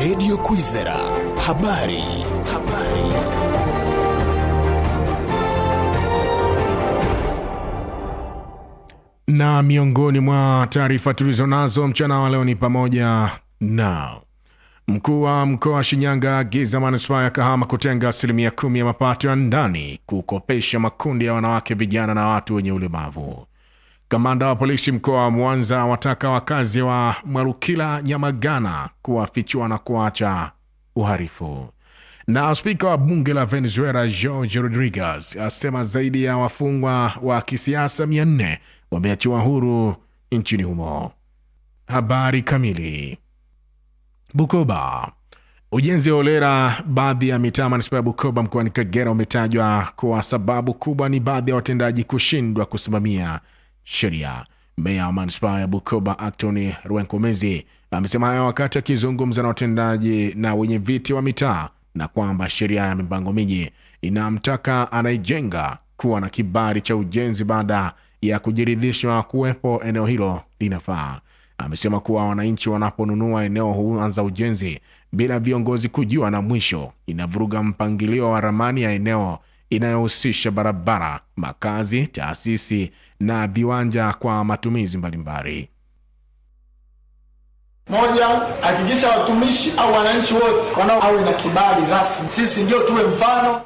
redio Kwizera habari. Habari na miongoni mwa taarifa tulizonazo mchana wa leo ni pamoja na mkuu wa mkoa wa Shinyanga agiza manispaa ya Kahama kutenga asilimia kumi ya mapato ya ndani kukopesha makundi ya wanawake, vijana na watu wenye ulemavu. Kamanda wa polisi mkoa wa Mwanza wataka wakazi wa Mwalukila Nyamagana kuwafichua na kuacha uharifu Na spika wa bunge la Venezuela George Rodriguez asema zaidi ya wafungwa wa kisiasa nne wameachiwa huru nchini humo. Habari kamili. Bukoba. Ujenzi wa olera baadhi ya mitaa manispaa ya Bukoba mkoani Kagera umetajwa kuwa sababu kubwa ni baadhi ya watendaji kushindwa kusimamia sheria. Meya wa manispaa ya Bukoba Acton Rwenkomezi amesema hayo wakati akizungumza na watendaji na wenye viti wa mitaa, na kwamba sheria ya mipango miji inamtaka anaijenga kuwa na kibali cha ujenzi baada ya kujiridhishwa kuwepo eneo hilo linafaa. Amesema kuwa wananchi wanaponunua eneo huanza ujenzi bila viongozi kujua, na mwisho inavuruga mpangilio wa ramani ya eneo inayohusisha barabara, makazi, taasisi na viwanja kwa matumizi mbalimbali. Moja, hakikisha watumishi au wananchi wote wanaoawe na kibali rasmi. Sisi ndio tuwe mfano.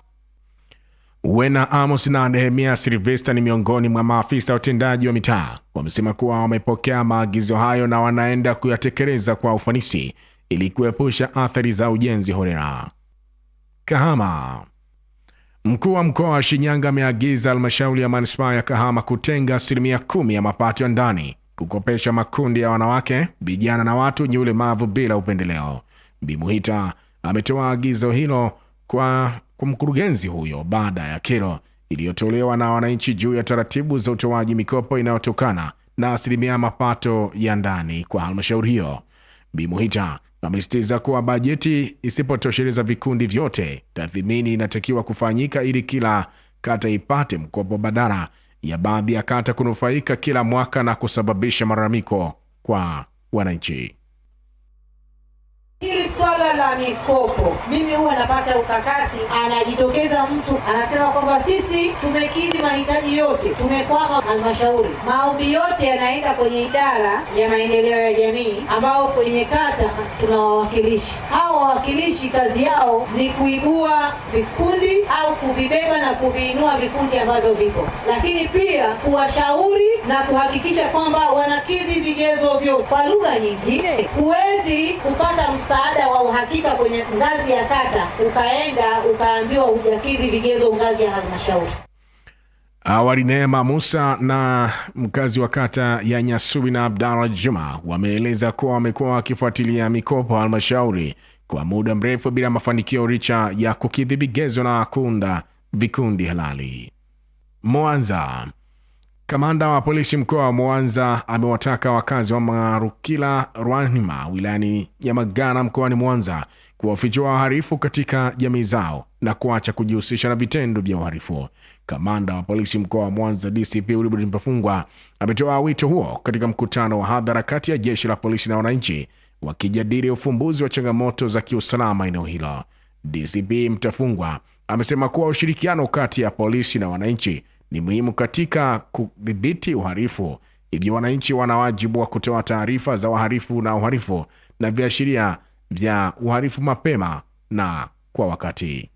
Wena Amos na Nehemia Silvesta ni miongoni mwa maafisa watendaji wa mitaa, wamesema kuwa wamepokea maagizo hayo na wanaenda kuyatekeleza kwa ufanisi ili kuepusha athari za ujenzi holela. Kahama Mkuu wa mkoa wa Shinyanga ameagiza halmashauri ya manispaa ya Kahama kutenga asilimia kumi ya mapato ya ndani kukopesha makundi ya wanawake, vijana na watu wenye ulemavu bila upendeleo. Bimuhita ametoa agizo hilo kwa mkurugenzi huyo baada ya kero iliyotolewa na wananchi juu ya taratibu za utoaji mikopo inayotokana na asilimia mapato ya ndani kwa halmashauri hiyo. Bimuhita Amesitiza kuwa bajeti isipotosheleza vikundi vyote, tathmini inatakiwa kufanyika ili kila kata ipate mkopo badala ya baadhi ya kata kunufaika kila mwaka na kusababisha malalamiko kwa wananchi. Hili swala la mikopo, mimi huwa napata ukakasi, anajitokeza mtu anasema kwamba sisi tumekidhi mahitaji yote, tumekwama halmashauri. Maombi yote yanaenda kwenye idara ya maendeleo ya jamii, ambao kwenye kata tuna wawakilishi. Hao wawakilishi kazi yao ni kuibua vikundi au kuvibeba na kuviinua vikundi ambavyo vipo, lakini pia kuwashauri na kuhakikisha kwamba wanakidhi vigezo vyote. Kwa lugha nyingine, huwezi kupata msa msaada wa uhakika kwenye ngazi ya kata, ukaenda ukaambiwa hujakidhi vigezo ngazi ya halmashauri. Awali Neema Musa na mkazi wa kata ya Nyasubi na Abdalla Juma wameeleza kuwa wamekuwa wakifuatilia mikopo halmashauri kwa muda mrefu bila mafanikio richa ya kukidhi vigezo na kuunda vikundi halali. Mwanza Kamanda wa polisi mkoa wa Mwanza amewataka wakazi wa Marukila Rwanima wilayani Nyamagana mkoani Mwanza kuwafichua wahalifu katika jamii zao na kuacha kujihusisha na vitendo vya uhalifu. Kamanda wa polisi mkoa wa Mwanza DCP Wilbrod Mpafungwa ametoa wito huo katika mkutano wa hadhara kati ya jeshi la polisi na wananchi wakijadili ufumbuzi wa changamoto za kiusalama eneo hilo. DCP Mtafungwa amesema kuwa ushirikiano kati ya polisi na wananchi ni muhimu katika kudhibiti uhalifu, hivyo wananchi wana wajibu wa kutoa taarifa za wahalifu na uhalifu na viashiria vya uhalifu mapema na kwa wakati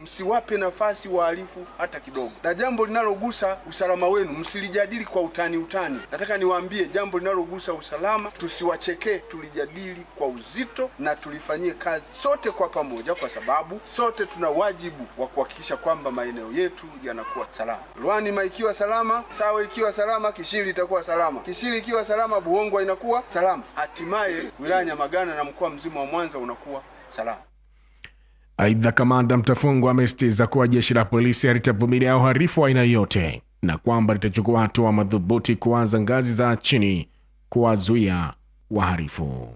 msiwape nafasi wahalifu hata kidogo. Na jambo linalogusa usalama wenu msilijadili kwa utani utani. Nataka niwaambie, jambo linalogusa usalama tusiwachekee, tulijadili kwa uzito na tulifanyie kazi sote kwa pamoja, kwa sababu sote tuna wajibu wa kuhakikisha kwamba maeneo yetu yanakuwa salama. Lwanima ikiwa salama, Sawe ikiwa salama, Kishiri itakuwa salama. Kishiri ikiwa salama, Buhongwa inakuwa salama. Hatimaye wilaya Nyamagana na mkoa mzima wa Mwanza unakuwa salama. Aidha, kamanda Mtafungwa amesitiza kuwa jeshi la polisi halitavumilia uhalifu wa aina yoyote na kwamba litachukua hatua madhubuti kuanza ngazi za chini kuwazuia wahalifu.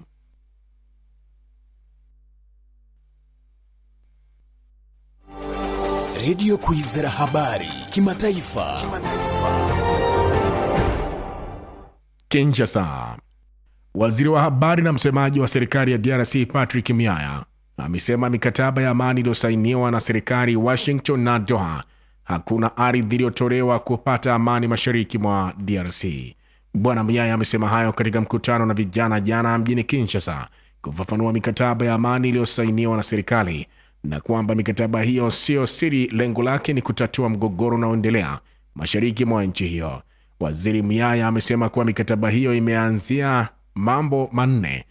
Radio Kwizera habari kimataifa, kimataifa. Kinshasa, waziri wa habari na msemaji wa serikali ya DRC Patrick Miaya amesema mikataba ya amani iliyosainiwa na serikali Washington na Doha hakuna ardhi iliyotolewa kupata amani mashariki mwa DRC. Bwana Muyaya amesema hayo katika mkutano na vijana jana mjini Kinshasa kufafanua mikataba ya amani iliyosainiwa na serikali na kwamba mikataba hiyo siyo siri, lengo lake ni kutatua mgogoro unaoendelea mashariki mwa nchi hiyo. Waziri Muyaya amesema kuwa mikataba hiyo imeanzia mambo manne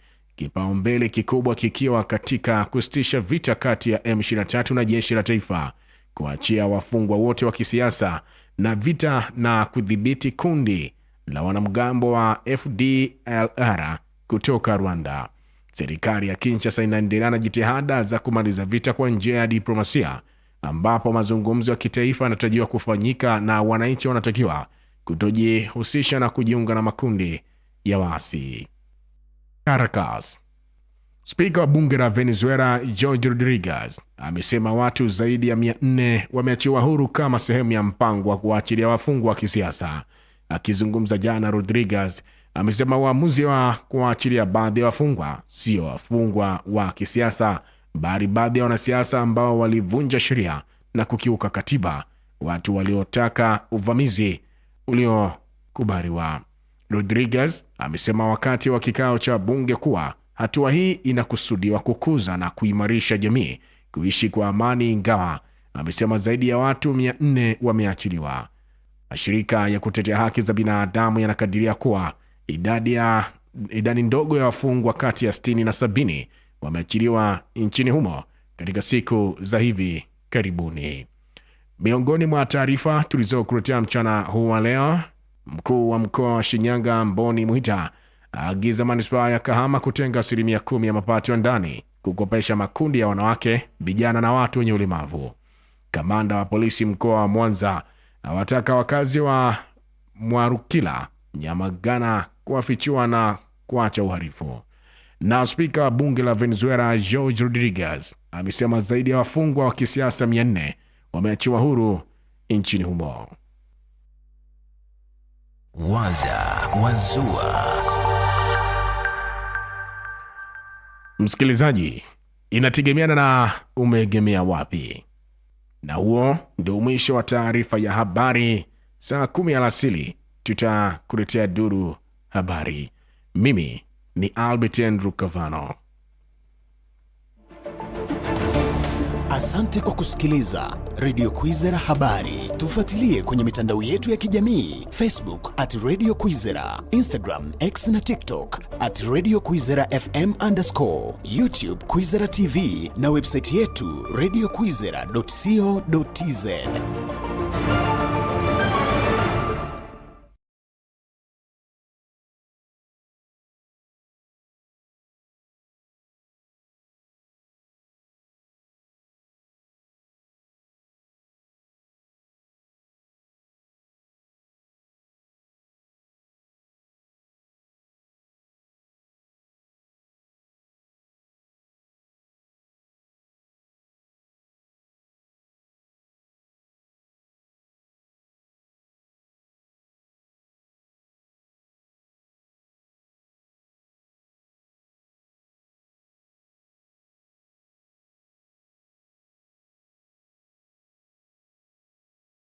kipaumbele kikubwa kikiwa katika kusitisha vita kati ya M23 na jeshi la taifa, kuachia wafungwa wote wa kisiasa na vita na kudhibiti kundi la wanamgambo wa FDLR kutoka Rwanda. Serikali ya Kinshasa inaendelea na jitihada za kumaliza vita kwa njia ya diplomasia, ambapo mazungumzo ya kitaifa yanatarajiwa kufanyika na wananchi wanatakiwa kutojihusisha na kujiunga na makundi ya waasi. Caracas. Spika wa bunge la Venezuela george Rodriguez amesema watu zaidi ya mia nne wameachiwa huru kama sehemu ya mpango wa kuwaachilia wafungwa wa kisiasa. Akizungumza jana, Rodriguez amesema uamuzi wa kuwaachilia baadhi ya wafungwa sio wafungwa wa kisiasa, bali baadhi ya wanasiasa ambao walivunja sheria na kukiuka katiba, watu waliotaka uvamizi uliokubaliwa. Rodriguez amesema wakati wa kikao cha bunge kuwa hatua hii inakusudiwa kukuza na kuimarisha jamii kuishi kwa amani, ingawa amesema zaidi ya watu 400 wameachiliwa. Mashirika ya kutetea haki za binadamu yanakadiria kuwa idadi ya idadi ndogo ya wafungwa kati ya 60 na 70 wameachiliwa nchini humo katika siku za hivi karibuni. Miongoni mwa taarifa tulizokuletea mchana huu wa leo Mkuu wa mkoa wa Shinyanga Mboni Mwita aagiza manispaa ya Kahama kutenga asilimia kumi ya mapato ya ndani kukopesha makundi ya wanawake, vijana na watu wenye ulemavu. Kamanda wa polisi mkoa wa Mwanza awataka wakazi wa Mwarukila Nyamagana kuwafichua na kuacha uhalifu. Na spika wa bunge la Venezuela George Rodriguez amesema zaidi ya wafungwa wa kisiasa 400 wameachiwa huru nchini humo. Waza Wazua. Msikilizaji, inategemeana na umeegemea wapi. Na huo ndio mwisho wa taarifa ya habari. Saa kumi alasili tutakuletea duru habari. Mimi ni Albert Andrew cavano Asante kwa kusikiliza Radio Kwizera Habari. Tufuatilie kwenye mitandao yetu ya kijamii Facebook at Radio Kwizera, Instagram, X na TikTok at Radio Kwizera FM underscore, YouTube Kwizera TV na website yetu radio tz